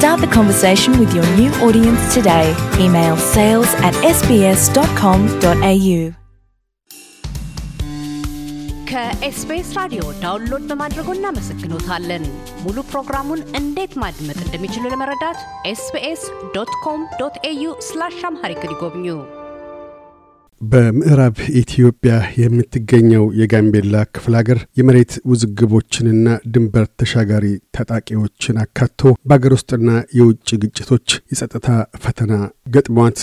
Start the conversation with your new audience today. Email sales at sbs.com.au. ከኤስቢኤስ ራዲዮ ዳውንሎድ በማድረጎ እናመሰግኖታለን። ሙሉ ፕሮግራሙን እንዴት ማድመጥ እንደሚችሉ ለመረዳት ኤስቢኤስ ዶት ኮም ዶት ኤዩ ስላሽ አምሃሪክ ይጎብኙ። በምዕራብ ኢትዮጵያ የምትገኘው የጋምቤላ ክፍለ ሀገር የመሬት ውዝግቦችንና ድንበር ተሻጋሪ ታጣቂዎችን አካቶ በአገር ውስጥና የውጭ ግጭቶች የጸጥታ ፈተና ገጥሟት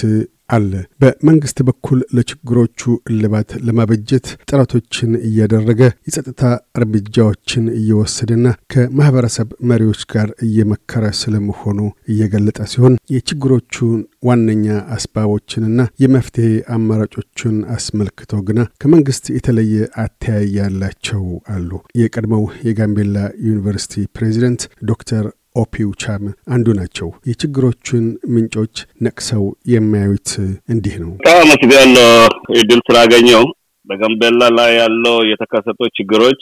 አለ። በመንግስት በኩል ለችግሮቹ እልባት ለማበጀት ጥረቶችን እያደረገ የጸጥታ እርምጃዎችን እየወሰደና ከማህበረሰብ መሪዎች ጋር እየመከረ ስለመሆኑ እየገለጠ ሲሆን የችግሮቹን ዋነኛ አስባቦችንና የመፍትሄ አማራጮችን አስመልክተው ግና ከመንግስት የተለየ አተያይ ያላቸው አሉ። የቀድሞው የጋምቤላ ዩኒቨርሲቲ ፕሬዚደንት ዶክተር ኦፒውቻም አንዱ ናቸው። የችግሮቹን ምንጮች ነቅሰው የሚያዩት እንዲህ ነው። በጣም ድል እድል ስላገኘው። በጋምቤላ ላይ ያለው የተከሰቱ ችግሮች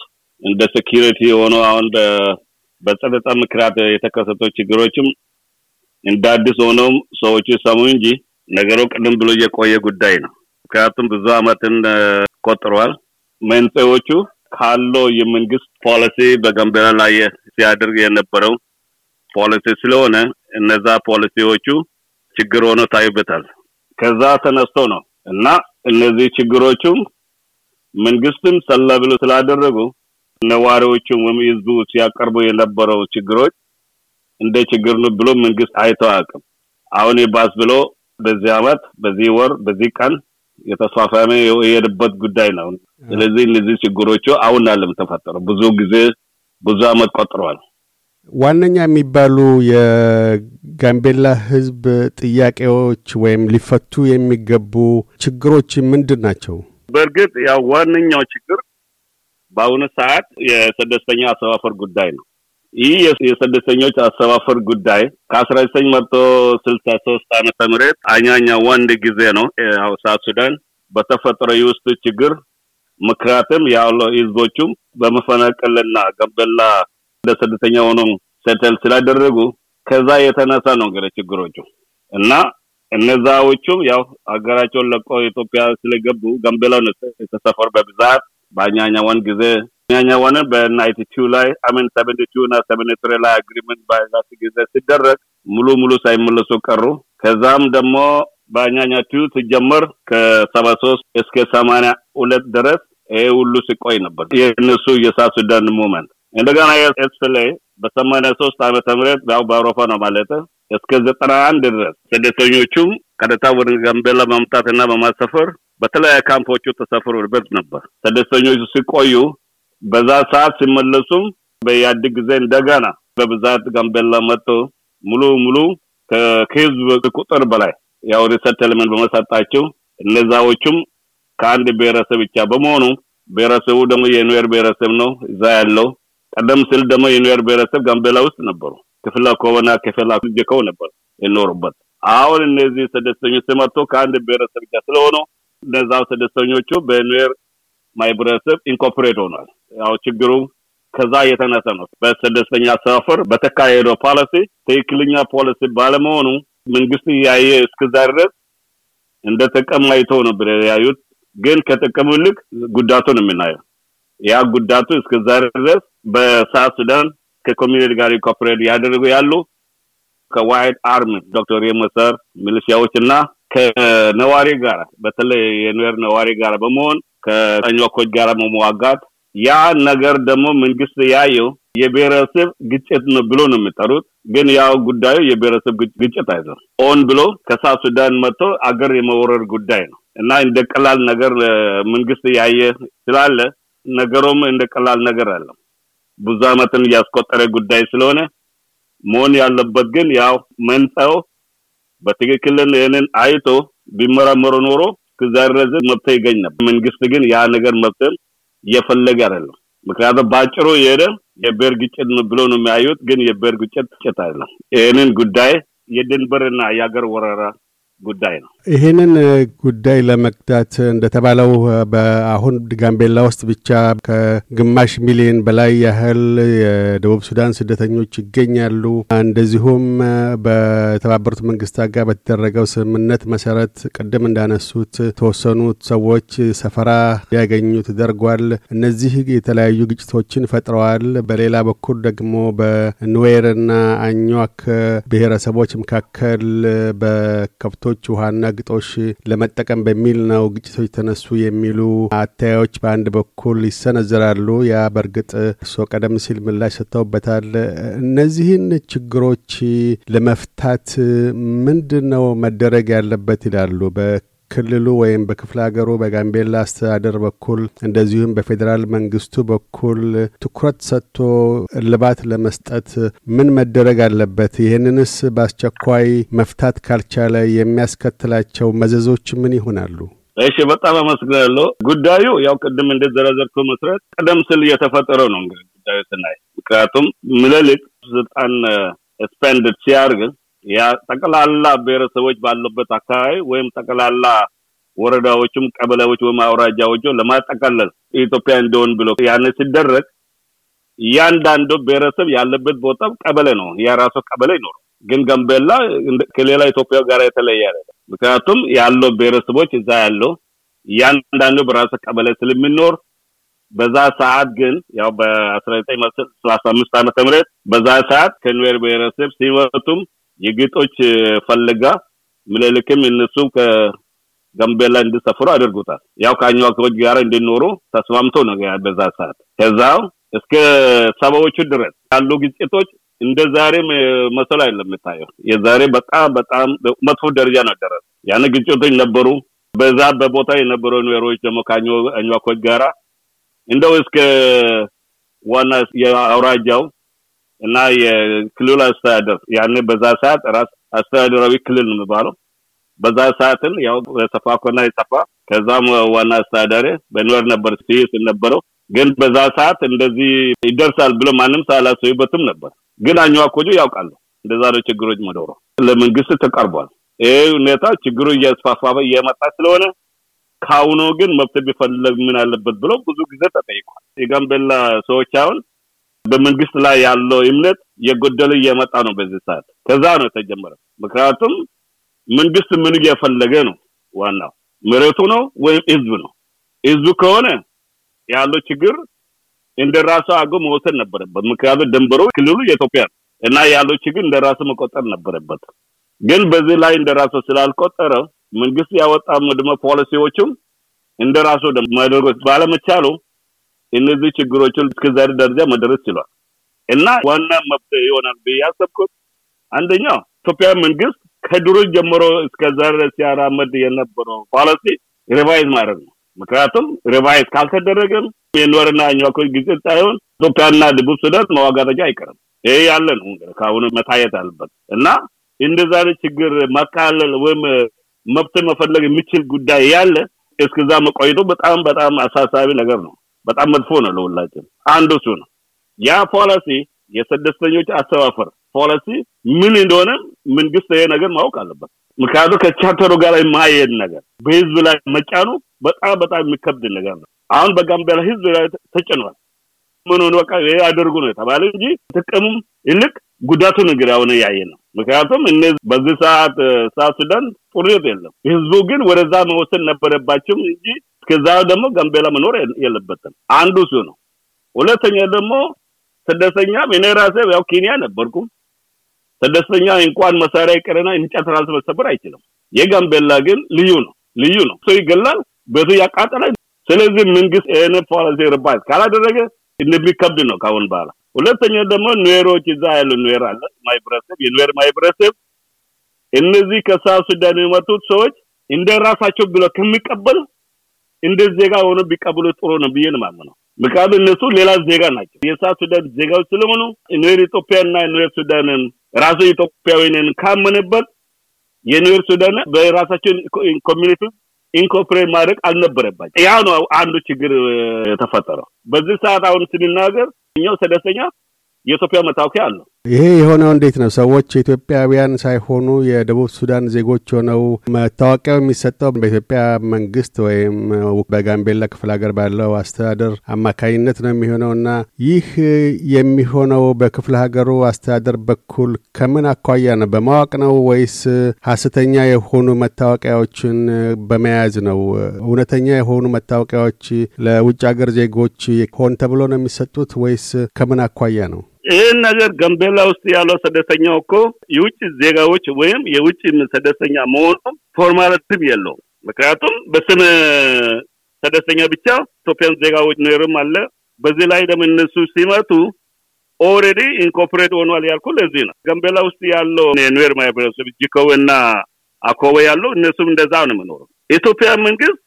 እንደ ሴኪሪቲ የሆኑ አሁን በጸጥታ ምክንያት የተከሰቱ ችግሮችም እንደ አዲስ ሆነውም ሰዎቹ ሰሙ እንጂ ነገሩ ቅድም ብሎ የቆየ ጉዳይ ነው። ምክንያቱም ብዙ አመትን ቆጥሯል። መንስኤዎቹ ካለው የመንግስት ፖሊሲ በጋምቤላ ላይ ሲያደርግ የነበረው ፖሊሲ ስለሆነ እነዛ ፖሊሲዎቹ ችግር ሆኖ ታይበታል። ከዛ ተነስቶ ነው እና እነዚህ ችግሮቹም መንግስትም ሰላ ብሎ ስላደረጉ ነዋሪዎቹም ወይም ህዝቡ ሲያቀርቡ የነበረው ችግሮች እንደ ችግር ነው ብሎ መንግስት አይቶ አያውቅም። አሁን ይባስ ብሎ በዚህ አመት፣ በዚህ ወር፣ በዚህ ቀን የተፋፋመ የሄደበት ጉዳይ ነው። ስለዚህ እነዚህ ችግሮቹ አሁን አለም ተፈጠሩ ብዙ ጊዜ ብዙ አመት ቆጥሯል ዋነኛ የሚባሉ የጋምቤላ ህዝብ ጥያቄዎች ወይም ሊፈቱ የሚገቡ ችግሮች ምንድን ናቸው? በእርግጥ ያው ዋነኛው ችግር በአሁኑ ሰዓት የስደተኛ አሰፋፈር ጉዳይ ነው። ይህ የስደተኞች አሰፋፈር ጉዳይ ከአስራ ዘጠኝ መቶ ስልሳ ሶስት ዓመተ ምህረት አኛኛ ወንድ ጊዜ ነው ሳት ሱዳን በተፈጠረ የውስጥ ችግር ምክንያትም ያለው ህዝቦቹም በመፈናቀልና ገንበላ እንደ ስደተኛ ሆኖ ሰተል ስላደረጉ ከዛ የተነሳ ነው እንግዲህ ችግሮቹ እና እነዛዎቹም ያው አገራቸውን ለቆ ኢትዮጵያ ስለገቡ ጋምቤላ ነው የተሰፈሩ በብዛት በአኛኛ ዋን ጊዜ አኛኛ ዋን ቱ ላይ አሜን ሰቨንቲ ቱ እና ሰቨንቲ ትሪ ላይ አግሪመንት ባይዛት ጊዜ ሲደረግ ሙሉ ሙሉ ሳይመለሱ ቀሩ። ከዛም ደግሞ በአኛኛ ቱ ሲጀመር ከሰባ ሶስት እስከ ሰማንያ ሁለት ድረስ ይሄ ሁሉ ሲቆይ ነበር የእነሱ የሳት ሱዳን ሙመንት እንደገና የኤስፍላይ በሰማንያ ሶስት ዓመተ ምህረት ያው በአውሮፓ ነው ማለት እስከ ዘጠና አንድ ድረስ ስደተኞቹም ቀጥታ ወደ ጋምቤላ በማምጣትና በማሰፈር በተለያዩ ካምፖቹ ተሰፍሮበት ነበር። ስደተኞቹ ሲቆዩ በዛ ሰዓት ሲመለሱም በኢህአዴግ ጊዜ እንደገና በብዛት ጋምቤላ መጥቶ ሙሉ ሙሉ ከህዝብ ቁጥር በላይ ያው ሪሰትልመንት በመሰጣቸው እነዛዎቹም ከአንድ ብሔረሰብ ብቻ በመሆኑ ብሔረሰቡ ደግሞ የኑዌር ብሔረሰብ ነው እዛ ያለው ቀደም ስል ደግሞ የኒውዮርክ ብሔረሰብ ጋምቤላ ውስጥ ነበሩ። ክፍለ ከሆነ ክፍላ ጀከው ነበር የኖሩበት። አሁን እነዚህ ስደተኞች መጥቶ ከአንድ ብሔረሰብ ጋር ስለሆኑ እነዛው ስደተኞቹ በኒውዮር ማይብረሰብ ኢንኮርፖሬት ሆኗል። ያው ችግሩ ከዛ የተነሳ ነው። በስደተኛ ሰፈር በተካሄደው ፖሊሲ ትክክለኛ ፖሊሲ ባለመሆኑ መንግስት እያየ እስከዛ ድረስ እንደ ጥቅም አይተው ነው ያዩት። ግን ከጥቅሙ ይልቅ ጉዳቱን የምናየው ያ ጉዳቱ እስከዛሬ ድረስ በሳት ሱዳን ከኮሚኒቲ ጋር ኮፕሬት ያደረጉ ያሉ ከዋይድ አርሚ ዶክተር የመሰር ሚሊሺያዎች እና ከነዋሪ ጋር በተለይ የኑዌር ነዋሪ ጋር በመሆን ከኞኮች ጋር መዋጋት ያ ነገር ደግሞ መንግስት ያየው የብሔረሰብ ግጭት ነው ብሎ ነው የሚጠሩት። ግን ያው ጉዳዩ የብሔረሰብ ግጭት አይዘ ኦን ብሎ ከሳ ሱዳን መጥቶ አገር የመወረር ጉዳይ ነው እና እንደ ቀላል ነገር መንግስት ያየ ስላለ ነገሩም እንደ ቀላል ነገር አለም። ብዙ አመትን ያስቆጠረ ጉዳይ ስለሆነ መሆን ያለበት ግን ያው መንጻው በትክክል ይህንን አይቶ ቢመረመሩ ኖሮ ከዛ ድረስ ይገኝ ነበር። መንግስት ግን ያ ነገር መብትም እየፈለገ አይደለም። ምክንያቱም በአጭሩ የሄደ የብሔር ግጭት ብሎ ነው የሚያዩት፣ ግን የብሔር ግጭት ግጭት አይደለም። ይህንን ጉዳይ የድንበርና የሀገር ወረራ ጉዳይ ነው። ይህንን ጉዳይ ለመግታት እንደተባለው በአሁን ጋምቤላ ውስጥ ብቻ ከግማሽ ሚሊዮን በላይ ያህል የደቡብ ሱዳን ስደተኞች ይገኛሉ። እንደዚሁም በተባበሩት መንግስታት ጋር በተደረገው ስምምነት መሰረት ቅድም እንዳነሱት ተወሰኑት ሰዎች ሰፈራ ያገኙ ተደርጓል። እነዚህ የተለያዩ ግጭቶችን ፈጥረዋል። በሌላ በኩል ደግሞ በኑዌርና አኟክ ብሔረሰቦች መካከል በከብቶ መብቶች ውሃና ግጦሽ ለመጠቀም በሚል ነው ግጭቶች ተነሱ የሚሉ አታዮች በአንድ በኩል ይሰነዘራሉ። ያ በእርግጥ እርስዎ ቀደም ሲል ምላሽ ሰጥተውበታል። እነዚህን ችግሮች ለመፍታት ምንድን ነው መደረግ ያለበት ይላሉ? በክልሉ ወይም በክፍለ ሀገሩ በጋምቤላ አስተዳደር በኩል እንደዚሁም በፌዴራል መንግስቱ በኩል ትኩረት ሰጥቶ እልባት ለመስጠት ምን መደረግ አለበት? ይህንንስ በአስቸኳይ መፍታት ካልቻለ የሚያስከትላቸው መዘዞች ምን ይሆናሉ? እሺ በጣም አመስግናለሁ። ጉዳዩ ያው ቅድም እንደዘረዘርኩ መሰረት ቀደም ስል እየተፈጠረ ነው እንግዲህ ጉዳዩ ስናይ ምክንያቱም ምለልቅ ስልጣን ስፔንድ ሲያርግ ጠቅላላ ብሔረሰቦች ባለበት አካባቢ ወይም ጠቅላላ ወረዳዎችም ቀበሌዎች ወይም አውራጃዎች ለማጠቃለል ኢትዮጵያ እንደሆን ብሎ ያን ሲደረግ እያንዳንዱ ብሔረሰብ ያለበት ቦታ ቀበሌ ነው፣ የራሱ ቀበሌ ይኖረው። ግን ጋምቤላ ከሌላ ኢትዮጵያ ጋር የተለየ አይደለም። ምክንያቱም ያለው ብሔረሰቦች እዛ ያለው እያንዳንዱ በራሱ ቀበሌ ስለሚኖር በዛ ሰዓት ግን ያው በ1935 ዓመተ ምህረት በዛ ሰዓት ከኑዌር ብሔረሰብ ሲመጡም የጌጦች ፈልጋ ምልልክም እነሱ ከጋምቤላ እንዲሰፍሩ አድርጎታል። ያው ከአኝዋኪዎች ጋር እንድኖሩ ተስማምቶ ነው በዛ ሰዓት። ከዛው እስከ ሰባዎቹ ድረስ ያሉ ግጭቶች እንደ ዛሬ መሰል አይደለም የምታየው። የዛሬ በጣም በጣም መጥፎ ደረጃ ነው ደረሰ። ያን ግጭቶች ነበሩ። በዛ በቦታ የነበሩ ኑሮች ደግሞ ከአኝዋኮች ጋራ እንደው እስከ ዋና የአውራጃው እና የክልሉ አስተዳደር ያኔ በዛ ሰዓት ራስ አስተዳደራዊ ክልል ነው የሚባለው በዛ ሰዓትን ያው ኮና የሰፋ ከዛም ዋና አስተዳዳሪ በኒወር ነበር ሲይዝ ነበረው። ግን በዛ ሰዓት እንደዚህ ይደርሳል ብሎ ማንም ሳላሰበበትም ነበር። ግን አኝዋኮቹ ያውቃሉ እንደዛ ነው ችግሮች መኖሩ ለመንግስት ተቀርቧል። ይህ ሁኔታ ችግሩ እያስፋፋ እየመጣ ስለሆነ ከአሁኑ ግን መብት ቢፈለግ ምን አለበት ብሎ ብዙ ጊዜ ተጠይቋል። የጋምቤላ ሰዎች አሁን በመንግስት ላይ ያለው እምነት የጎደለ እየመጣ ነው በዚህ ሰዓት። ከዛ ነው የተጀመረ። ምክንያቱም መንግስት ምን እየፈለገ ነው? ዋናው መሬቱ ነው ወይም ህዝብ ነው? ህዝብ ከሆነ ያለው ችግር እንደራሱ አገ መወሰድ ነበረበት። ምክንያቱም ድንበሩ ክልሉ የኢትዮጵያ ነው እና ያለው ችግር እንደራሱ መቆጠር ነበረበት። ግን በዚህ ላይ እንደራሱ ስላልቆጠረ መንግስት ያወጣ ምድመ ፖሊሲዎችም እንደራሱ ማድረግ ባለመቻሉ እነዚህ ችግሮችን እስከዛሬ ደረጃ መድረስ ችሏል እና ዋና መፍትሄ ይሆናል ብዬ ያሰብኩት አንደኛው ኢትዮጵያ መንግስት ከድሮ ጀምሮ እስከዛሬ ሲያራመድ የነበረው ፖሊሲ ሪቫይዝ ማድረግ ነው። ምክንያቱም ሪቫይዝ ካልተደረገም የኖርና እኛኮች ጊዜ ሳይሆን ኢትዮጵያና ደቡብ ሱዳን መዋጋታቸው አይቀርም። ይሄ ያለ ነው እንግዲህ ከአሁኑ መታየት አለበት እና እንደዛ ችግር መካለል ወይም መብት መፈለግ የሚችል ጉዳይ ያለ እስከዛ መቆይቶ በጣም በጣም አሳሳቢ ነገር ነው። በጣም መጥፎ ነው ለሁላችን። አንዱ እሱ ነው። ያ ፖሊሲ የስደተኞች አሰፋፈር ፖሊሲ ምን እንደሆነ መንግስት ይሄ ነገር ማወቅ አለበት። ምክንያቱም ከቻርተሩ ጋር የማይሄድ ነገር በህዝብ ላይ መጫኑ በጣም በጣም የሚከብድ ነገር ነው። አሁን በጋምቤላ ህዝብ ላይ ተጭኗል። ምን ሆነ በቃ ይሄ አድርጉ ነው የተባለ እንጂ ጥቅምም ይልቅ ጉዳቱ ነገር አሁን ያየ ነው። ምክንያቱም እነ በዚህ ሰዓት ሳት ሱዳን ጥሩ የለም። ህዝቡ ግን ወደዛ መወሰን ነበረባቸው እንጂ እስከዛ ደግሞ ጋምቤላ መኖር የለበትም። አንዱ እሱ ነው። ሁለተኛ ደግሞ ስደተኛ እኔ ራሴ ያው ኬንያ ነበርኩ። ስደተኛ እንኳን መሳሪያ ይቀረና እንጨት ራሱ መሰበር አይችልም። የጋምቤላ ግን ልዩ ነው፣ ልዩ ነው። ሰው ይገላል፣ ቤቱ ያቃጥላል። ስለዚህ መንግስት ይሄን ፖሊሲ ርባይዝ ካላደረገ እንደሚከብድ ነው ካሁን በኋላ። ሁለተኛ ደግሞ ኑዌሮች እዛ ያሉ ኑዌር አለ ማህበረሰብ፣ የኑዌር ማህበረሰብ እነዚህ ከሳ ሱዳን የመጡት ሰዎች እንደራሳቸው ብለ ከሚቀበል። እንደ ዜጋ ሆኖ ቢቀበሉ ጥሩ ነው ብዬ ነው የማምነው። ምክንያቱም እነሱ ሌላ ዜጋ ናቸው። የሳት ሱዳን ዜጋዎች ስለሆኑ ኑዌር ኢትዮጵያና ኑዌር ሱዳንን ራሱ ኢትዮጵያዊንን ካመነበት የኑዌር ሱዳን በራሳችን ኮሚኒቲ ኢንኮፕሬት ማድረግ አልነበረባቸው። ያ ነው አንዱ ችግር የተፈጠረው። በዚህ ሰዓት አሁን ስንናገር እኛው ሰደተኛ የኢትዮጵያ መታወቂያ አለው ይሄ የሆነው እንዴት ነው? ሰዎች ኢትዮጵያውያን ሳይሆኑ የደቡብ ሱዳን ዜጎች ሆነው መታወቂያው የሚሰጠው በኢትዮጵያ መንግስት ወይም በጋምቤላ ክፍለ ሀገር ባለው አስተዳደር አማካኝነት ነው የሚሆነው እና ይህ የሚሆነው በክፍለ ሀገሩ አስተዳደር በኩል ከምን አኳያ ነው? በማወቅ ነው ወይስ ሀሰተኛ የሆኑ መታወቂያዎችን በመያዝ ነው? እውነተኛ የሆኑ መታወቂያዎች ለውጭ ሀገር ዜጎች ሆን ተብሎ ነው የሚሰጡት ወይስ ከምን አኳያ ነው? ይህን ነገር ገንቤላ ውስጥ ያለው ስደተኛው እኮ የውጭ ዜጋዎች ወይም የውጭ ስደተኛ መሆኑ ፎርማሊቲም የለው ምክንያቱም በስም ስደተኛ ብቻ ኢትዮጵያን ዜጋዎች ኖርም አለ። በዚህ ላይ ደግሞ እነሱ ሲመቱ ኦሬዲ ኢንኮፕሬት ሆኗል ያልኩ ለዚህ ነው። ገንቤላ ውስጥ ያለው ኑዌር ማህበረሰብ ጅከው እና አኮበ ያለው እነሱም እንደዛ ነው የሚኖሩ። ኢትዮጵያ መንግስት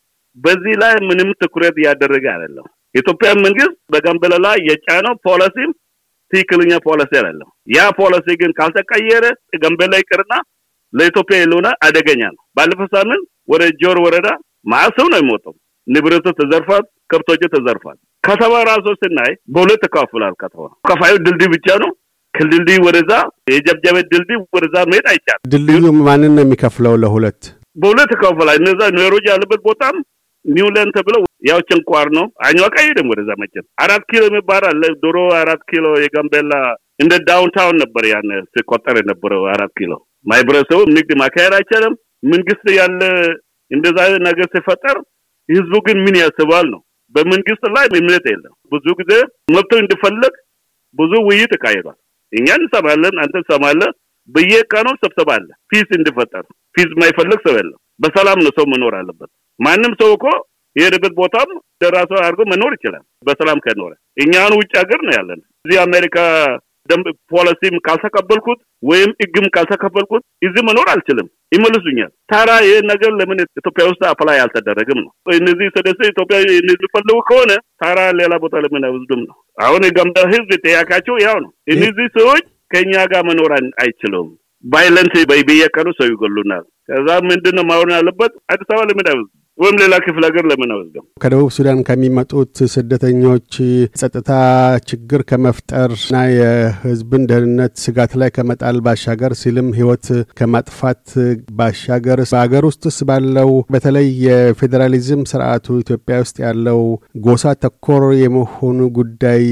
በዚህ ላይ ምንም ትኩረት እያደረገ አይደለም። ኢትዮጵያ መንግስት በገንበለ ላይ የጫነው ፖሊሲም ትክክለኛ ፖሊሲ አይደለም። ያ ፖሊሲ ግን ካልተቀየረ ገንበላ ይቅርና ለኢትዮጵያ ያለውና አደገኛ ነው። ባለፈው ሳምንት ወደ ጆር ወረዳ ማሰው ነው የሞተው። ንብረቱ ተዘርፏል፣ ከብቶቹ ተዘርፏል። ከተማ ራሱ ስናይ በሁለት ተከፍሏል። ከተማ ከፋዩ ድልድይ ብቻ ነው። ከድልድይ ወደዛ የጀብጀበ ድልድይ ወደዛ መሄድ አይቻልም። ድልድዩ ማንን ነው የሚከፍለው? ለሁለት በሁለት ተከፍሏል። እነዛ ኑዌሮች ያለበት ቦታም ኒውላንድ ተብለው ያው ጭንቋር ነው ቀይ ደግሞ ወደዛ መቼም አራት ኪሎ የሚባላል አለ አራት ኪሎ የጋምቤላ እንደ ዳውንታውን ነበር ያን ሲቆጠር የነበረው አራት ኪሎ ማህበረሰቡ ንግድ ማካሄድ አይቻለም። መንግስት ያለ እንደዛ ነገር ሲፈጠር ህዝቡ ግን ምን ያስባል ነው በመንግስት ላይ እምነት የለም ብዙ ጊዜ መብቶ እንዲፈለግ ብዙ ውይይት ተካሂዷል እኛ እንሰማለን አንተ እንሰማለን ነው ስብሰባ አለ ፊስ እንዲፈጠር ፊስ የማይፈልግ ሰው የለም በሰላም ነው ሰው መኖር አለበት ማንም ሰው እኮ የሄደበት ቦታም ደራሶ አድርጎ መኖር ይችላል በሰላም ከኖረ። እኛን ውጭ ሀገር ነው ያለን። እዚህ አሜሪካ ደንብ ፖሊሲም ካልተቀበልኩት ወይም እግም ካልተቀበልኩት እዚህ መኖር አልችልም፣ ይመልሱኛል። ታራ ይህ ነገር ለምን ኢትዮጵያ ውስጥ አፕላይ አልተደረግም ነው? እነዚህ ስደስ ኢትዮጵያ ሊፈልጉ ከሆነ ታራ ሌላ ቦታ ለምን አይወስዱም ነው? አሁን የጋምቤላ ህዝብ ጥያቄያቸው ያው ነው። እነዚህ ሰዎች ከእኛ ጋር መኖር አይችሉም። ቫይለንስ በየቀኑ ሰው ይገሉናል። ከዛ ምንድን ነው ማሆን ያለበት? አዲስ አበባ ለምን አይወስዱም? ወይም ሌላ ክፍለ ሀገር ለምን አወስደው? ከደቡብ ሱዳን ከሚመጡት ስደተኞች ጸጥታ ችግር ከመፍጠርና የህዝብን ደህንነት ስጋት ላይ ከመጣል ባሻገር ሲልም ህይወት ከማጥፋት ባሻገር በሀገር ውስጥስ ባለው በተለይ የፌዴራሊዝም ስርዓቱ ኢትዮጵያ ውስጥ ያለው ጎሳ ተኮር የመሆኑ ጉዳይ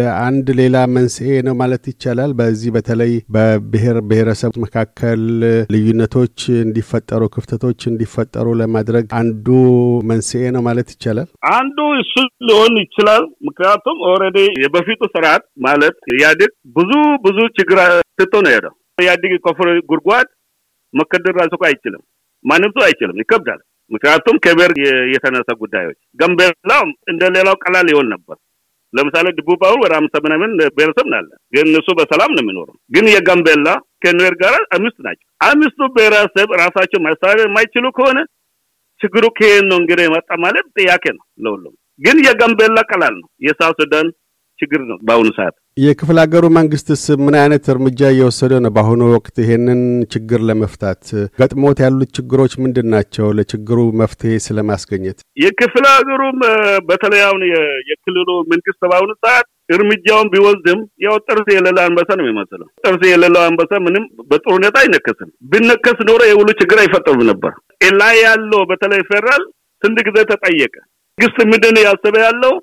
ለአንድ ሌላ መንስኤ ነው ማለት ይቻላል። በዚህ በተለይ በብሔር ብሔረሰብ መካከል ልዩነቶች እንዲፈጠሩ፣ ክፍተቶች እንዲፈጠሩ ለማድረግ አንድ አንዱ መንስኤ ነው ማለት ይቻላል። አንዱ እሱ ሊሆን ይችላል። ምክንያቱም ኦልሬዲ የበፊቱ ስርዓት ማለት ኢህአዴግ ብዙ ብዙ ችግር ትቶ ነው ሄደው። ኢህአዴግ የቆፈረው ጉድጓድ መከደር ራሱ አይችልም፣ ማንም ሰው አይችልም፣ ይከብዳል። ምክንያቱም ከብሔር የተነሰ ጉዳዮች ጋምቤላ እንደ ሌላው ቀላል ይሆን ነበር። ለምሳሌ ደቡብ አሁን ወደ አምስት ምናምን ብሔረሰብ ናለ፣ ግን እሱ በሰላም ነው የሚኖረው። ግን የጋምቤላ ከኑዌር ጋር አምስት ናቸው። አምስቱ ብሔረሰብ ራሳቸው ማስተዳደር የማይችሉ ከሆነ ችግሩ ከየት ነው እንግዲህ የመጣ ማለት ጥያቄ ነው ለሁሉም። ግን የጋምቤላ ቀላል ነው፣ የሳውት ሱዳን ችግር ነው በአሁኑ ሰዓት። የክፍለ ሀገሩ መንግስትስ ምን አይነት እርምጃ እየወሰደ ነው በአሁኑ ወቅት ይሄንን ችግር ለመፍታት? ገጥሞት ያሉት ችግሮች ምንድን ናቸው? ለችግሩ መፍትሄ ስለማስገኘት የክፍለ ሀገሩም በተለይ አሁን የክልሉ መንግስት በአሁኑ ሰዓት እርምጃውን ቢወስድም ያው ጥርስ የሌለ አንበሳ ነው የሚመስለው። ጥርስ የሌለው አንበሳ ምንም በጥሩ ሁኔታ አይነከስም። ቢነከስ ኖረ የሁሉ ችግር አይፈጠሩም ነበር። ላይ ያለው በተለይ ፌደራል ስንት ጊዜ ተጠየቀ። መንግስት ምንድን ያሰበ ያለው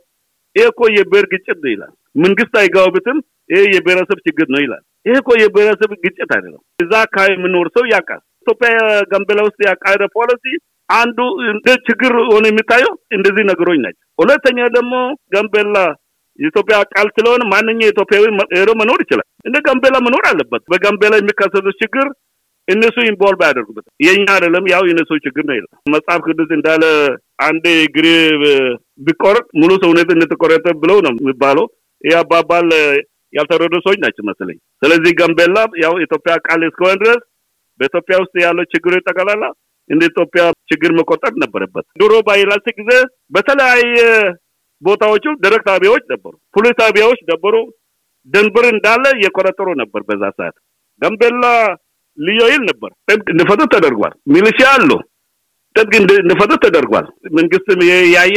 ይሄ እኮ የብሔር ግጭት ነው ይላል። መንግስት አይጋውብትም፣ ይሄ የብሔረሰብ ችግር ነው ይላል። ይህ እኮ የብሔረሰብ ግጭት አይደለም። እዛ አካባቢ የምኖር ሰው ያውቃል። ኢትዮጵያ ገንበላ ውስጥ ያቃደ ፖሊሲ አንዱ እንደ ችግር ሆነ የሚታየው እንደዚህ ነገሮች ናቸው። ሁለተኛ ደግሞ ገንበላ የኢትዮጵያ ቃል ስለሆነ ማንኛውም ኢትዮጵያዊ ሄዶ መኖር ይችላል። እንደ ገንበላ መኖር አለበት። በጋምቤላ የሚከሰቱ ችግር እነሱ ኢንቮልቭ ያደርጉበት የኛ አይደለም፣ ያው የነሱ ችግር ነው ይላል መጽሐፍ ቅዱስ እንዳለ አንዴ እግር ቢቆረጥ ሙሉ ሰውነት እንደተቆረጠ ብለው ነው የሚባለው። ይህ አባባል ያልተረዱ ሰዎች ናቸው መሰለኝ። ስለዚህ ጋምቤላ ያው ኢትዮጵያ ቃል እስከሆነ ድረስ በኢትዮጵያ ውስጥ ያለው ችግር ይጠቀላላ እንደ ኢትዮጵያ ችግር መቆጠር ነበረበት። ድሮ ባይላልት ጊዜ በተለያየ ቦታዎቹ ደረቅ ጣቢያዎች ነበሩ፣ ፖሊስ ጣቢያዎች ነበሩ። ደንብር እንዳለ የቆረጠሩ ነበር በዛ ሰዓት ጋምቤላ ልዩ ኃይል ነበር። ጥብቅ እንዲፈጥር ተደርጓል። ሚሊሺያ አለው። ጥብቅ እንዲፈጥር ተደርጓል። መንግስትም ያየ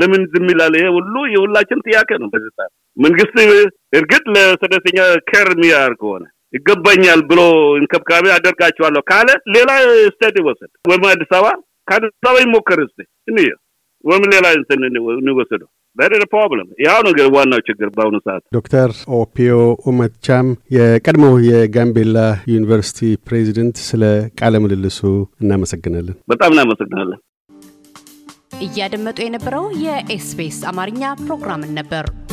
ለምን ዝም ይላል? ይሄ ሁሉ የሁላችን ጥያቄ ነው። በዚህ ሰዓት መንግስት እርግጥ ለስደተኛ ከር የሚያር ከሆነ ይገባኛል ብሎ እንከብካቤ አደርጋቸዋለሁ ካለ ሌላ ስቴት ይወሰድ፣ ወይም አዲስ አበባ ከአዲስ አበባ ይሞከር ስ ወይም ሌላ እንትን እንወሰደው ያው ነገር ዋናው ችግር በአሁኑ ሰዓት። ዶክተር ኦፒዮ ኡመቻም የቀድሞ የጋምቤላ ዩኒቨርሲቲ ፕሬዚደንት፣ ስለ ቃለ ምልልሱ እናመሰግናለን። በጣም እናመሰግናለን። እያደመጡ የነበረው የኤስቢኤስ አማርኛ ፕሮግራምን ነበር።